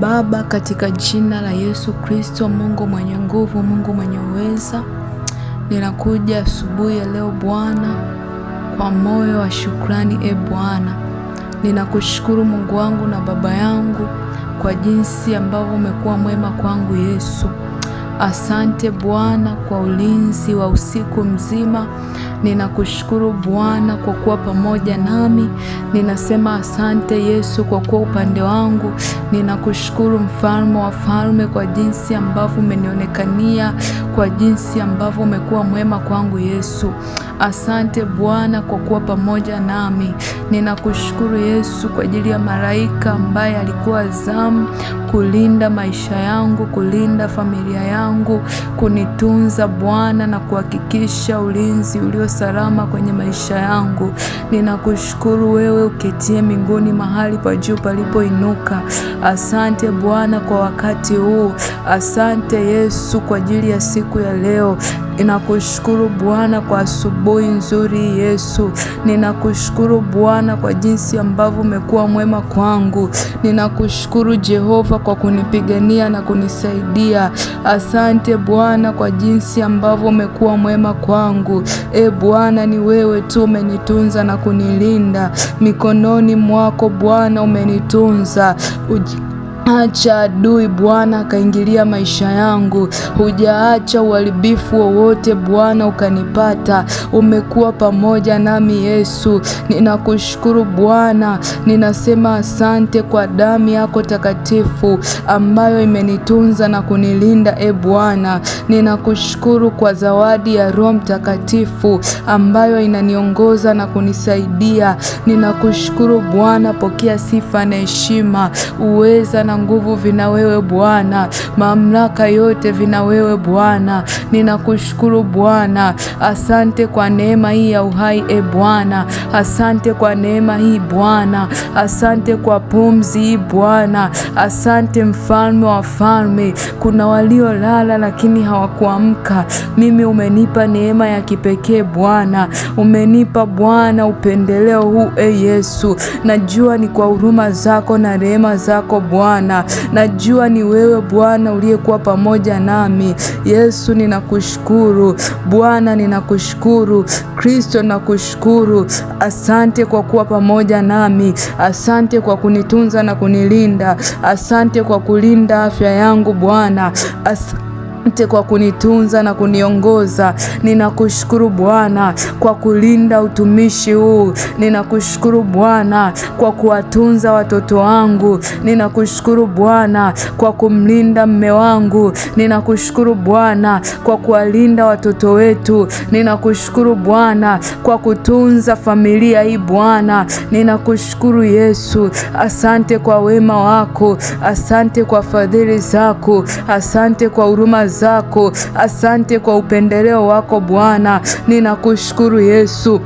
Baba, katika jina la Yesu Kristo, Mungu mwenye nguvu, Mungu mwenye uweza, ninakuja asubuhi ya leo Bwana kwa moyo wa shukrani. E Bwana, ninakushukuru Mungu wangu na Baba yangu kwa jinsi ambavyo umekuwa mwema kwangu Yesu. Asante Bwana kwa ulinzi wa usiku mzima. Ninakushukuru Bwana kwa kuwa pamoja nami, ninasema asante Yesu kwa kuwa upande wangu. Ninakushukuru Mfalme wa falme kwa jinsi ambavyo umenionekania kwa jinsi ambavyo umekuwa mwema kwangu Yesu. Asante Bwana kwa kuwa pamoja nami. Ninakushukuru Yesu kwa ajili ya malaika ambaye alikuwa zamu kulinda maisha yangu, kulinda familia yangu, kunitunza Bwana na kuhakikisha ulinzi ulio salama kwenye maisha yangu. Ninakushukuru wewe uketie mbinguni mahali pa juu palipoinuka. Asante Bwana kwa wakati huu. Asante Yesu kwa ajili ya siku siku ya leo. Ninakushukuru Bwana kwa asubuhi nzuri Yesu. Ninakushukuru Bwana kwa jinsi ambavyo umekuwa mwema kwangu. Ninakushukuru Jehova kwa kunipigania na kunisaidia. Asante Bwana kwa jinsi ambavyo umekuwa mwema kwangu. E Bwana, ni wewe tu umenitunza na kunilinda. Mikononi mwako Bwana umenitunza Uji Acha adui Bwana akaingilia maisha yangu, hujaacha uharibifu wowote Bwana ukanipata. Umekuwa pamoja nami Yesu, ninakushukuru Bwana, ninasema asante kwa damu yako takatifu ambayo imenitunza na kunilinda. E Bwana, ninakushukuru kwa zawadi ya Roho Mtakatifu ambayo inaniongoza na kunisaidia. Ninakushukuru Bwana, pokea sifa na heshima, uweza na nguvu vina wewe Bwana, mamlaka yote vina wewe Bwana. Ninakushukuru Bwana, asante kwa neema hii ya uhai e Bwana, asante kwa neema hii Bwana, asante kwa pumzi hii Bwana, asante mfalme wa falme. Kuna waliolala lakini hawakuamka, mimi umenipa neema ya kipekee Bwana, umenipa Bwana upendeleo huu e Yesu, najua ni kwa huruma zako na rehema zako Bwana. Bwana. Najua ni wewe Bwana uliyekuwa pamoja nami. Yesu ninakushukuru Bwana, ninakushukuru Kristo, nakushukuru. Asante kwa kuwa pamoja nami, asante kwa kunitunza na kunilinda, asante kwa kulinda afya yangu Bwana. Asante kwa kunitunza na kuniongoza. Ninakushukuru Bwana kwa kulinda utumishi huu. Ninakushukuru Bwana kwa kuwatunza watoto wangu. Ninakushukuru Bwana kwa kumlinda mme wangu. Ninakushukuru Bwana kwa kuwalinda watoto wetu. Ninakushukuru Bwana kwa kutunza familia hii Bwana. Ninakushukuru Yesu. Asante kwa wema wako. Asante kwa fadhili zako. Asante kwa huruma zako. Asante kwa upendeleo wako Bwana, ninakushukuru Yesu.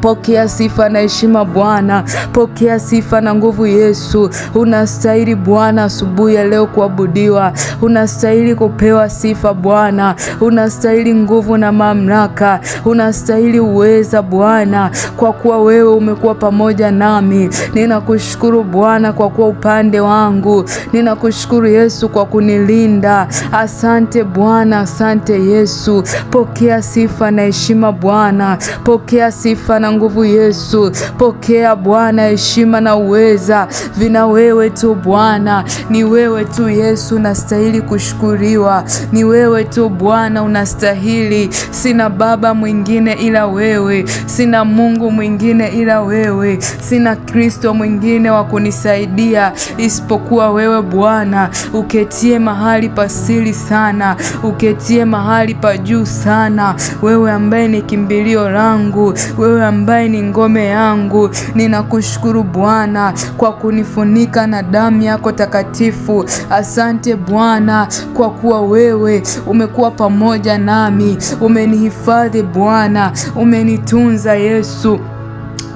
Pokea sifa na heshima Bwana, pokea sifa na nguvu Yesu. Unastahili Bwana asubuhi ya leo kuabudiwa, unastahili kupewa sifa Bwana, unastahili nguvu na mamlaka, unastahili uweza Bwana, kwa kuwa wewe umekuwa pamoja nami. Ninakushukuru Bwana kwa kuwa upande wangu, ninakushukuru Yesu kwa kunilinda. Asante Bwana, asante Yesu. Pokea sifa na heshima Bwana, pokea sifa na nguvu Yesu. Pokea Bwana heshima na uweza, vina wewe tu Bwana. Ni wewe tu Yesu unastahili kushukuriwa, ni wewe tu Bwana unastahili. Sina baba mwingine ila wewe, sina Mungu mwingine ila wewe, sina Kristo mwingine wa kunisaidia isipokuwa wewe Bwana, uketie mahali pa siri sana, uketie mahali pa juu sana, wewe ambaye ni kimbilio langu, wewe ambaye ni ngome yangu. Ninakushukuru Bwana kwa kunifunika na damu yako takatifu. Asante Bwana kwa kuwa wewe umekuwa pamoja nami, umenihifadhi Bwana, umenitunza Yesu.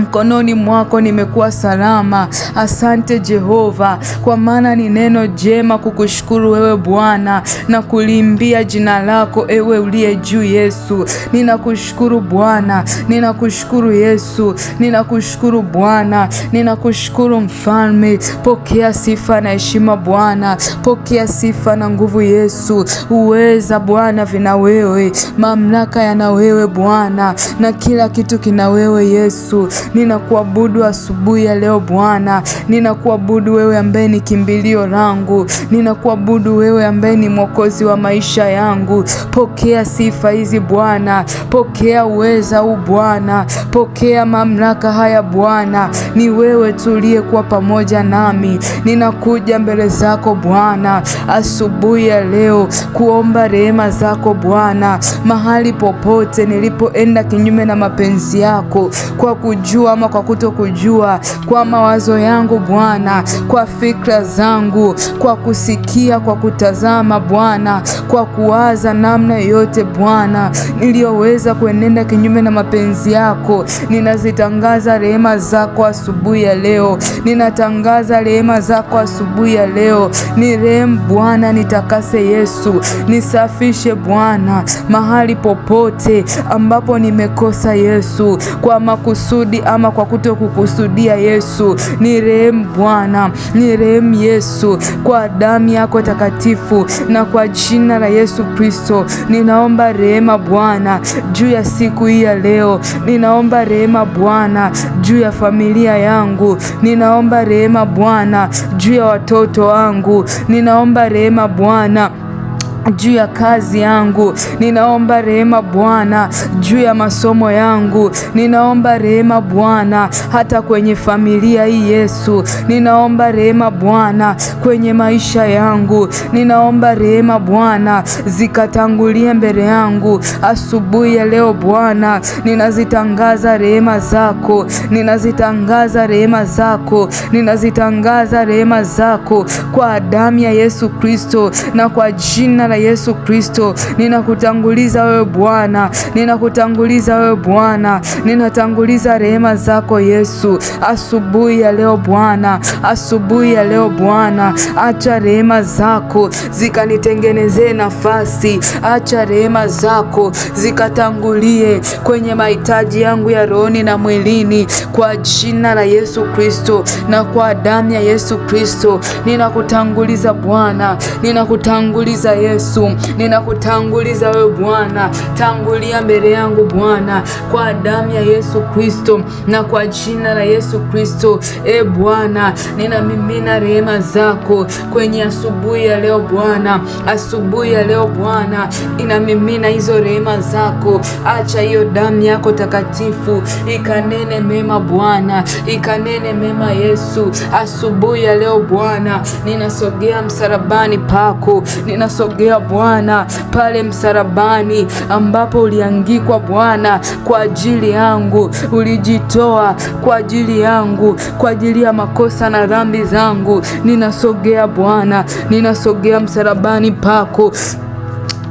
Mkononi mwako nimekuwa salama. Asante Jehova, kwa maana ni neno jema kukushukuru wewe Bwana na kulimbia jina lako ewe uliye juu. Yesu, ninakushukuru Bwana, ninakushukuru Yesu, ninakushukuru Bwana, ninakushukuru Mfalme. Pokea sifa na heshima Bwana, pokea sifa na nguvu Yesu. Uweza Bwana vina wewe, mamlaka yana wewe Bwana, na kila kitu kina wewe Yesu. Ninakuabudu asubuhi ya leo Bwana, ninakuabudu wewe ambaye ni kimbilio langu, ninakuabudu wewe ambaye ni mwokozi wa maisha yangu. Pokea sifa hizi Bwana, pokea uweza huu Bwana, pokea mamlaka haya Bwana. Ni wewe tuliyekuwa pamoja nami, ninakuja mbele zako Bwana asubuhi ya leo kuomba rehema zako Bwana, mahali popote nilipoenda kinyume na mapenzi yako kwa kujua kujua ama kwa kutokujua, kwa mawazo yangu Bwana, kwa fikra zangu, kwa kusikia, kwa kutazama Bwana, kwa kuwaza namna yote Bwana niliyoweza kuenenda kinyume na mapenzi yako. Ninazitangaza rehema zako asubuhi ya leo, ninatangaza rehema zako asubuhi ya leo. Ni rehemu Bwana, nitakase Yesu, nisafishe Bwana mahali popote ambapo nimekosa Yesu, kwa makusudi ama kwa kuto kukusudia. Yesu ni rehemu, Bwana ni rehemu Yesu, kwa damu yako takatifu na kwa jina la Yesu Kristo ninaomba rehema Bwana juu ya siku hii ya leo. Ninaomba rehema Bwana juu ya familia yangu. Ninaomba rehema Bwana juu ya watoto wangu. Ninaomba rehema Bwana juu ya kazi yangu ninaomba rehema Bwana, juu ya masomo yangu ninaomba rehema Bwana, hata kwenye familia hii Yesu ninaomba rehema Bwana, kwenye maisha yangu ninaomba rehema Bwana, zikatangulie mbele yangu asubuhi ya leo Bwana, ninazitangaza rehema zako, ninazitangaza rehema zako, ninazitangaza rehema zako kwa damu ya Yesu Kristo na kwa jina la Yesu Kristo, ninakutanguliza wewe Bwana, ninakutanguliza wewe Bwana, ninatanguliza rehema zako Yesu asubuhi ya leo Bwana, asubuhi ya leo Bwana, acha rehema zako zikanitengenezee nafasi, acha rehema zako zikatangulie kwenye mahitaji yangu ya rohoni na mwilini, kwa jina la Yesu Kristo na kwa damu ya Yesu Kristo, ninakutanguliza Bwana, ninakutanguliza Yesu Yesu, ninakutanguliza wewe Bwana, tangulia mbele yangu Bwana, kwa damu ya Yesu Kristo na kwa jina la Yesu Kristo. E Bwana, ninamimina rehema zako kwenye asubuhi ya leo Bwana, asubuhi ya leo Bwana, inamimina hizo rehema zako. Acha hiyo damu yako takatifu ikanene mema Bwana, ikanene mema Yesu. Asubuhi ya leo Bwana, ninasogea msalabani pako, ninasogea Bwana pale msalabani, ambapo uliangikwa Bwana kwa ajili yangu, ulijitoa kwa ajili yangu, kwa ajili ya makosa na dhambi zangu. Ninasogea Bwana, ninasogea msalabani pako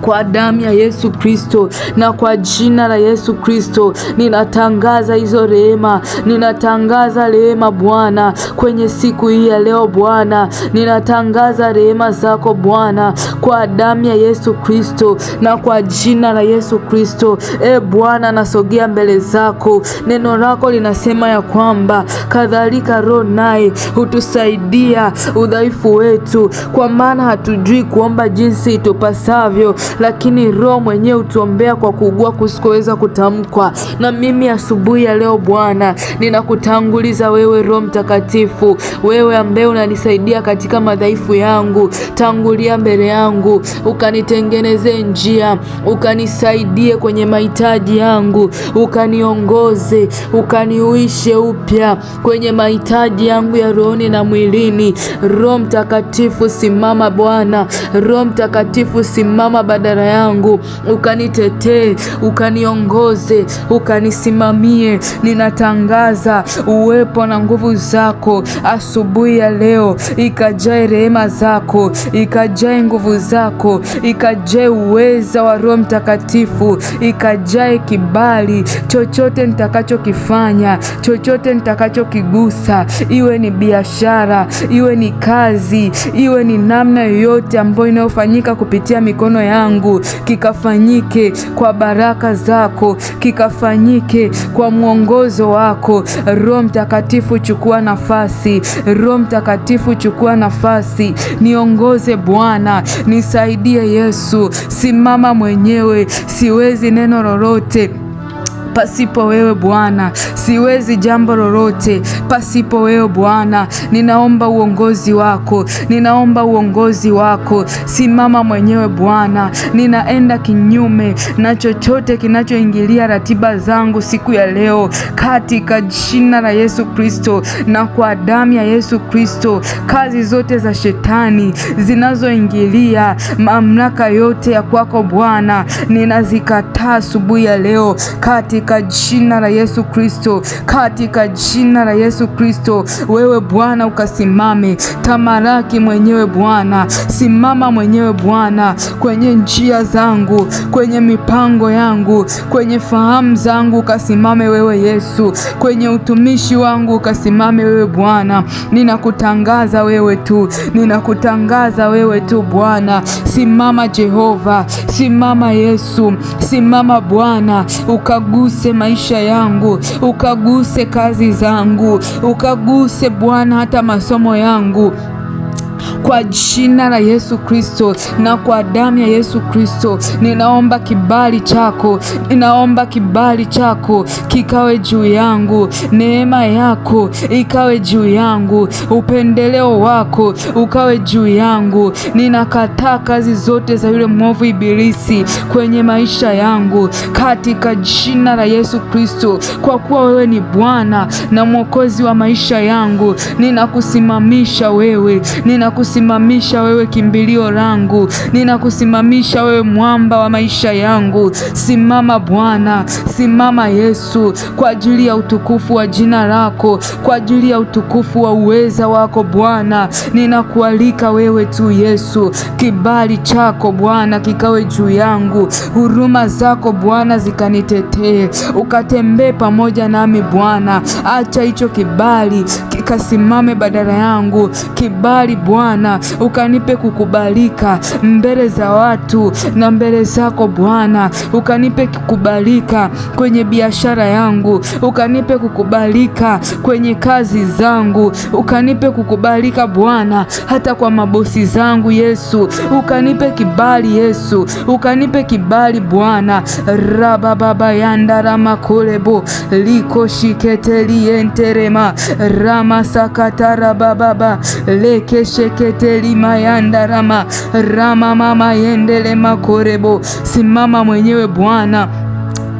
kwa damu ya Yesu Kristo na kwa jina la Yesu Kristo ninatangaza hizo rehema, ninatangaza rehema Bwana kwenye siku hii ya leo Bwana, ninatangaza rehema zako Bwana kwa damu ya Yesu Kristo na kwa jina la Yesu Kristo. E Bwana, nasogea mbele zako, neno lako linasema ya kwamba kadhalika Roho naye hutusaidia udhaifu wetu, kwa maana hatujui kuomba jinsi itupasavyo lakini Roho mwenyewe utuombea kwa kuugua kusikoweza kutamkwa. Na mimi asubuhi ya leo Bwana, ninakutanguliza wewe Roho Mtakatifu, wewe ambaye unanisaidia katika madhaifu yangu. Tangulia mbele yangu ukanitengenezee njia, ukanisaidie kwenye mahitaji yangu, ukaniongoze, ukaniuishe upya kwenye mahitaji yangu ya rohoni na mwilini. Roho Mtakatifu simama Bwana, Roho Mtakatifu simama dara yangu, ukanitetee, ukaniongoze, ukanisimamie. Ninatangaza uwepo na nguvu zako asubuhi ya leo, ikajae rehema zako, ikajae nguvu zako, ikajae uweza wa Roho Mtakatifu, ikajae kibali. Chochote nitakachokifanya, chochote nitakachokigusa, iwe ni biashara, iwe ni kazi, iwe ni namna yoyote ambayo inayofanyika kupitia mikono yangu yangu kikafanyike kwa baraka zako, kikafanyike kwa mwongozo wako. Roho Mtakatifu, chukua nafasi. Roho Mtakatifu, chukua nafasi, niongoze Bwana, nisaidie Yesu. Simama mwenyewe, siwezi neno lolote. Pasipo wewe Bwana siwezi jambo lolote, pasipo wewe Bwana ninaomba uongozi wako, ninaomba uongozi wako. Simama mwenyewe Bwana, ninaenda kinyume na chochote kinachoingilia ratiba zangu siku ya leo, katika jina la Yesu Kristo na kwa damu ya Yesu Kristo. Kazi zote za shetani zinazoingilia mamlaka yote ya kwako Bwana ninazikataa asubuhi ya leo katika katika jina la Yesu Kristo, katika jina la Yesu Kristo. Wewe Bwana ukasimame, tamaraki mwenyewe Bwana, simama mwenyewe Bwana kwenye njia zangu, kwenye mipango yangu, kwenye fahamu zangu, ukasimame wewe Yesu, kwenye utumishi wangu ukasimame wewe Bwana. Ninakutangaza wewe tu, ninakutangaza wewe tu Bwana. Simama Jehova, simama Yesu, simama Bwana ukagusa ukaguse maisha yangu, ukaguse kazi zangu, ukaguse Bwana hata masomo yangu kwa jina la Yesu Kristo na kwa damu ya Yesu Kristo, ninaomba kibali chako, ninaomba kibali chako kikawe juu yangu, neema yako ikawe juu yangu, upendeleo wako ukawe juu yangu. Ninakataa kazi zote za yule mwovu Ibilisi kwenye maisha yangu katika jina la Yesu Kristo, kwa kuwa wewe ni Bwana na Mwokozi wa maisha yangu, ninakusimamisha wewe, ninakusimamisha ninakusimamisha wewe, kimbilio langu, ninakusimamisha wewe, mwamba wa maisha yangu. Simama Bwana, simama Yesu, kwa ajili ya utukufu wa jina lako, kwa ajili ya utukufu wa uweza wako Bwana. Ninakualika wewe tu Yesu, kibali chako Bwana kikawe juu yangu, huruma zako Bwana zikanitetee, ukatembee pamoja nami Bwana. Acha hicho kibali kikasimame badala yangu, kibali Bwana Bwana, ukanipe kukubalika mbele za watu na mbele zako Bwana, ukanipe kukubalika kwenye biashara yangu, ukanipe kukubalika kwenye kazi zangu, ukanipe kukubalika Bwana hata kwa mabosi zangu Yesu, ukanipe kibali Yesu, ukanipe kibali Bwana raba baba yandara makolebo liko shiketeli enterema rama sakatara bababa lekesheke seteli mayanda rama rama mama yendele makorebo. Simama mwenyewe Bwana.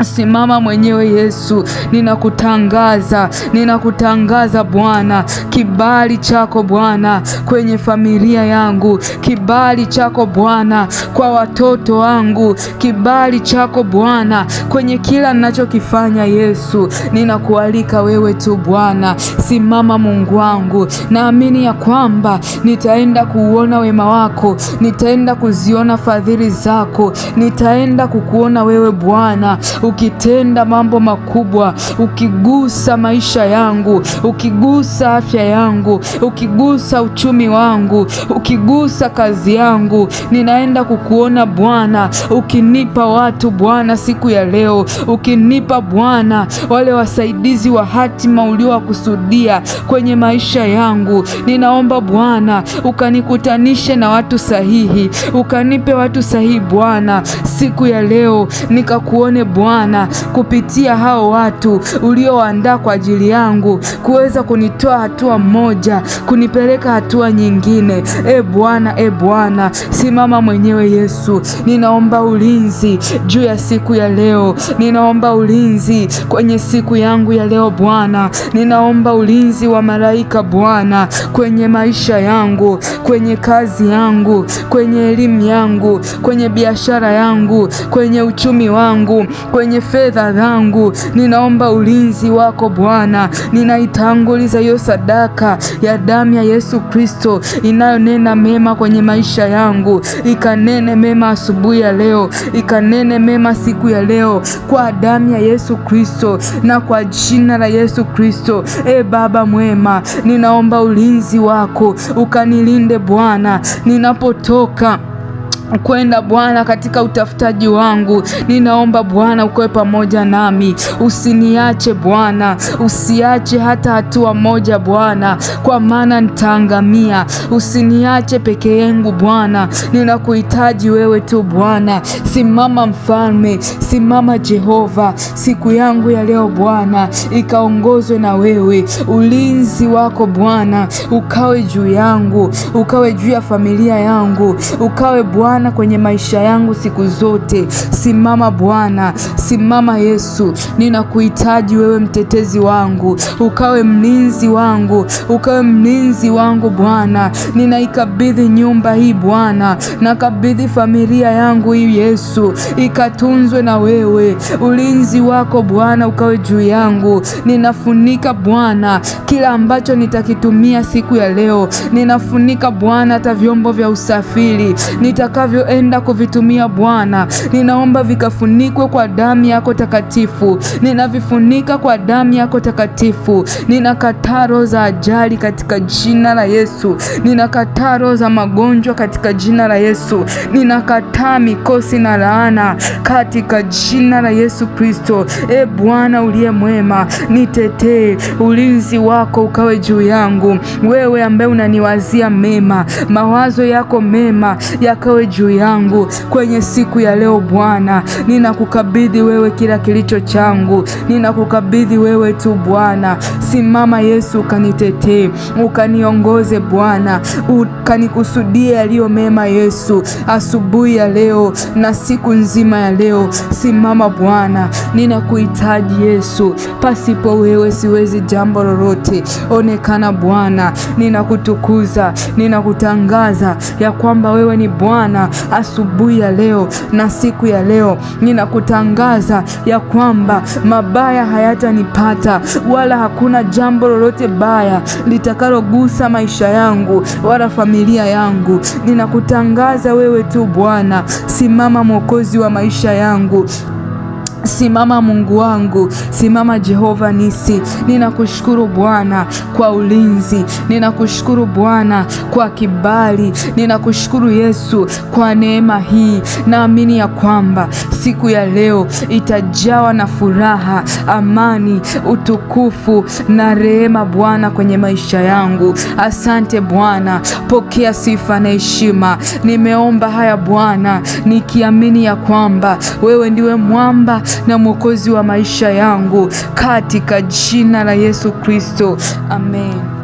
Simama mwenyewe Yesu, ninakutangaza, ninakutangaza Bwana, kibali chako Bwana kwenye familia yangu, kibali chako Bwana kwa watoto wangu, kibali chako Bwana kwenye kila ninachokifanya. Yesu, ninakualika wewe tu Bwana, simama Mungu wangu. Naamini ya kwamba nitaenda kuuona wema wako, nitaenda kuziona fadhili zako, nitaenda kukuona wewe Bwana ukitenda mambo makubwa, ukigusa maisha yangu, ukigusa afya yangu, ukigusa uchumi wangu, ukigusa kazi yangu, ninaenda kukuona Bwana. Ukinipa watu Bwana siku ya leo, ukinipa Bwana wale wasaidizi wa hatima uliowakusudia kwenye maisha yangu, ninaomba Bwana ukanikutanishe na watu sahihi, ukanipe watu sahihi Bwana siku ya leo, nikakuone Bwana Bwana, kupitia hao watu ulioandaa kwa ajili yangu kuweza kunitoa hatua moja kunipeleka hatua nyingine. E Bwana, e Bwana, simama mwenyewe Yesu. Ninaomba ulinzi juu ya siku ya leo, ninaomba ulinzi kwenye siku yangu ya leo Bwana, ninaomba ulinzi wa malaika Bwana, kwenye maisha yangu, kwenye kazi yangu, kwenye elimu yangu, kwenye biashara yangu, kwenye uchumi wangu, kwenye wenye fedha zangu. Ninaomba ulinzi wako Bwana, ninaitanguliza hiyo sadaka ya damu ya Yesu Kristo inayonena mema kwenye maisha yangu, ikanene mema asubuhi ya leo, ikanene mema siku ya leo, kwa damu ya Yesu Kristo na kwa jina la Yesu Kristo. E Baba mwema, ninaomba ulinzi wako ukanilinde Bwana ninapotoka kwenda Bwana katika utafutaji wangu. Ninaomba Bwana ukawe pamoja nami, usiniache Bwana, usiache hata hatua moja Bwana, kwa maana nitaangamia. Usiniache peke yangu Bwana, ninakuhitaji wewe tu Bwana. Simama Mfalme, simama Jehova. Siku yangu ya leo Bwana ikaongozwe na wewe, ulinzi wako Bwana ukawe juu yangu, ukawe juu ya familia yangu, ukawe Bwana Bwana kwenye maisha yangu siku zote. Simama Bwana, simama Yesu, ninakuhitaji wewe, mtetezi wangu, ukawe mlinzi wangu, ukawe mlinzi wangu Bwana. Ninaikabidhi nyumba hii Bwana, nakabidhi familia yangu hii Yesu, ikatunzwe na wewe, ulinzi wako Bwana ukawe juu yangu. Ninafunika Bwana kila ambacho nitakitumia siku ya leo, ninafunika Bwana hata vyombo vya usafiri nitaka nitakavyoenda kuvitumia Bwana. Ninaomba vikafunikwe kwa damu yako takatifu, ninavifunika kwa damu yako takatifu. Ninakataa roho za ajali katika jina la Yesu, ninakataa roho za magonjwa katika jina la Yesu, ninakataa mikosi na laana katika jina la Yesu Kristo. E Bwana uliye mwema, nitetee, ulinzi wako ukawe juu yangu, wewe ambaye unaniwazia mema, mawazo yako mema yakawe juu yangu kwenye siku ya leo. Bwana, ninakukabidhi wewe kila kilicho changu, ninakukabidhi wewe tu Bwana. Simama Yesu, ukanitetee, ukaniongoze Bwana, ukanikusudia yaliyo mema Yesu, asubuhi ya leo na siku nzima ya leo. Simama Bwana, ninakuhitaji Yesu, pasipo wewe siwezi jambo lolote. Onekana Bwana, ninakutukuza, ninakutangaza ya kwamba wewe ni Bwana asubuhi ya leo na siku ya leo ninakutangaza ya kwamba mabaya hayatanipata wala hakuna jambo lolote baya litakalogusa maisha yangu wala familia yangu. Ninakutangaza wewe tu Bwana, simama Mwokozi wa maisha yangu. Simama Mungu wangu, simama Jehova Nisi. Ninakushukuru Bwana kwa ulinzi, ninakushukuru Bwana kwa kibali, ninakushukuru Yesu kwa neema hii. Naamini ya kwamba siku ya leo itajawa na furaha, amani, utukufu na rehema Bwana kwenye maisha yangu. Asante Bwana, pokea sifa na heshima. Nimeomba haya Bwana nikiamini ya kwamba wewe ndiwe mwamba na mwokozi wa maisha yangu katika jina la Yesu Kristo, amen.